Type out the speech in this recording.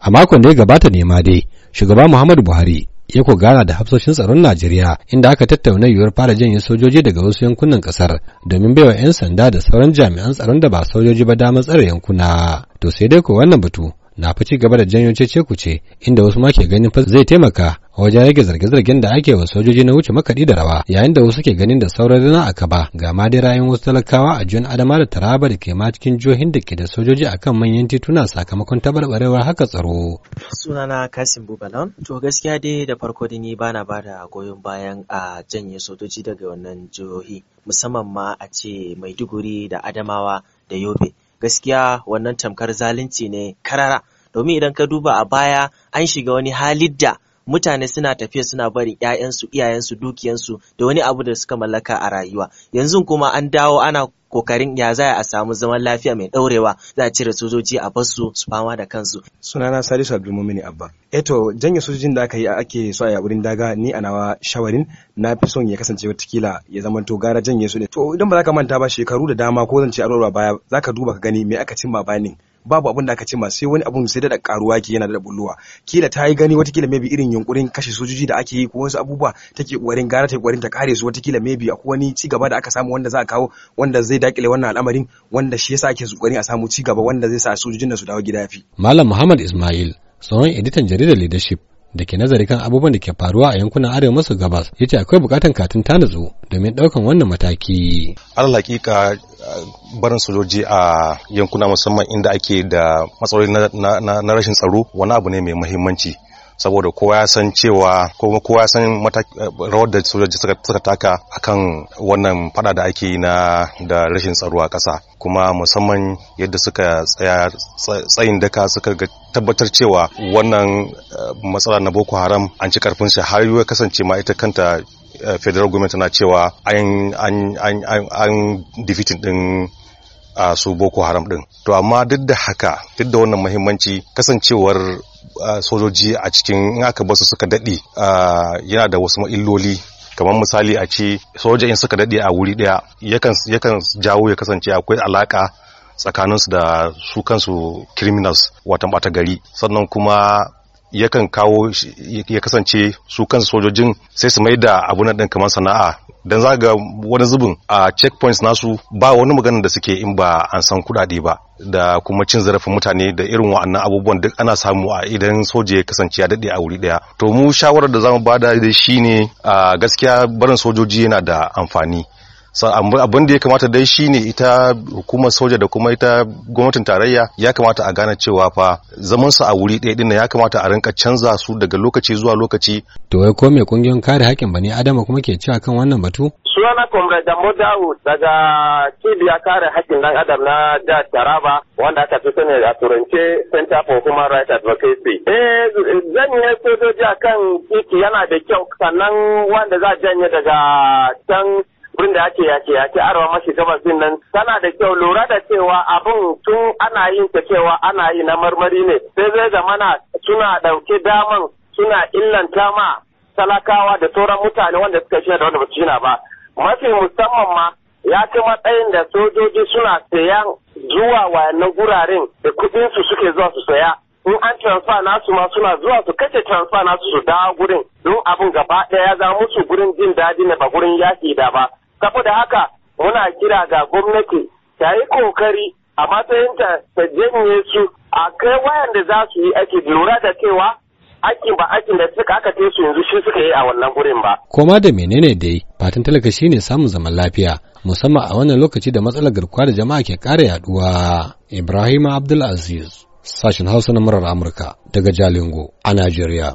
a makon da ya gabata ne ma dai shugaba muhammadu buhari ya ko gana da hafsoshin tsaron najeriya inda aka tattauna yiwuwar fara janye sojoji daga wasu yankunan kasar domin baiwa 'yan sanda da sauran jami'an tsaron da ba sojoji ba damar tsare yankuna to sai dai ko wannan batu na fi ci gaba da janyo cece ce, inda wasu ma ke ganin fa zai taimaka wajen rage zarge-zargen da ake wa sojoji na wuce makaɗi da rawa yayin da wasu ke ganin da sauran rana a kaba ga ma dai wasu talakawa a adama da taraba da ke ma cikin jihohin da ke da sojoji a kan manyan tituna sakamakon tabarbarewar haka tsaro. sunana kasim bubalon to gaskiya dai da farko da ni bana ba da goyon bayan a janye sojoji daga wannan jihohi musamman ma a ce maiduguri da adamawa da yobe gaskiya wannan tamkar zalunci ne karara domin idan ka duba a baya an shiga wani halin da mutane suna tafiya suna barin ƴaƴansu iyayensu dukiyansu da wani abu da suka mallaka a rayuwa yanzu kuma an dawo ana kokarin ya za a samu zaman lafiya mai ɗaurewa za a cire sojoji a bar su fama da kansu. sunana salisu abdulmumini abba eto eh janye sojojin da aka yi ake so a yaburin daga ni a nawa shawarin na fi son ya kasance watakila ya zama to gara janye su ne to idan ba za ka manta ba shekaru da dama ko zan ce a baya za ka duba ka gani me aka cimma bayanin babu abin da aka ce ma sai wani abun sai da karuwa ke yana da bulluwa kila ta yi gani watakila maybe irin yunkurin kashe sojoji da ake yi ko wasu abubuwa take kokarin gara ta kokarin ta kare su watakila maybe a wani ci gaba da aka samu wanda za a kawo wanda zai dakile wannan al'amarin wanda shi yasa ake kokarin a samu ci gaba wanda zai sa sojojin su dawo gida fi. malam muhammad ismail tsohon editan jaridar leadership da ke nazari kan abubuwan da ke faruwa a yankunan arewa maso gabas ya ce akwai bukatan katin ta nutsu domin ɗaukan wannan mataki. alhakika hakika barin sojoji a yankuna musamman inda ake da matsaloli na rashin tsaro wani abu ne mai muhimmanci saboda kowa ya san cewa ko kowa ya san eh, rawar da sojoji suka taka akan wannan fada da ake yi na da rashin tsaro a ƙasa kuma musamman yadda suka tsaya tsayin daka suka tabbatar cewa wannan eh, matsala na boko haram an ci karfin shi har ya kasance ma ita kanta eh, federal government na cewa an din a su boko haram din to amma duk da haka duk da wannan muhimmanci kasancewar sojoji a cikin in aka basu suka daɗe yana da wasu illoli kamar misali a ce soja in suka daɗe a wuri ɗaya yakan jawo ya kasance akwai alaka tsakaninsu da su kansu criminals watan bata gari sannan kuma yakan kawo ya kasance su kansu sojojin sai su mai da abu na ɗin kamar sana'a don za ga wani zubin a checkpoints nasu ba wani magana da suke in ba an san kuɗaɗe ba da kuma cin zarafin mutane da irin wa'annan abubuwan duk ana samu a idan soja ya kasance ya daɗe a wuri ɗaya to mu shawarar da za mu bada da shi ne a gaskiya barin sojoji yana da amfani abin da ya kamata dai shine ita hukumar soja da kuma ita gwamnatin tarayya ya kamata a gane cewa fa zaman su a wuri ɗaya din ya kamata a rinka canza su daga lokaci zuwa lokaci to wai ko me kungiyoyin kare haƙƙin bani adama kuma ke cewa kan wannan batu sunana comrade Dambo Dawud daga cibiya kare haƙƙin ɗan adam na jihar Taraba wanda aka fi sani a turance Center for Human Rights Advocacy. Eh yi sojoji akan titi yana da kyau sannan wanda za a janye daga can wurin da ake yake yake arewa mashi gabas din nan tana da kyau lura da cewa abun tun ana yin ta cewa ana yi na marmari ne sai zai zamana suna ɗauki daman suna illanta ma talakawa da sauran mutane wanda suka shirya da wanda basu shina ba mafi musamman ma ya ci matsayin da sojoji suna sayan zuwa wayannan guraren da kuɗinsu suke zuwa su saya in an transfer nasu ma suna zuwa su kace transfer nasu su dawo gurin don abin gaba ɗaya ya zama musu gurin jin daɗi ne ba gurin yaƙi da ba saboda haka muna kira ga gwamnati ta yi kokari a matsayin ta janye su a kai da za su yi ake lura da cewa aikin ba aikin da suka aka te su yanzu shi suka yi a wannan gurin ba. Koma da menene dai fatan talaka ne samun zaman lafiya musamman a wannan lokaci da matsalar garkuwa da jama'a ke kare yaduwa. Ibrahim Abdulaziz sashen Hausa na murar Amurka daga Jalingo a Najeriya.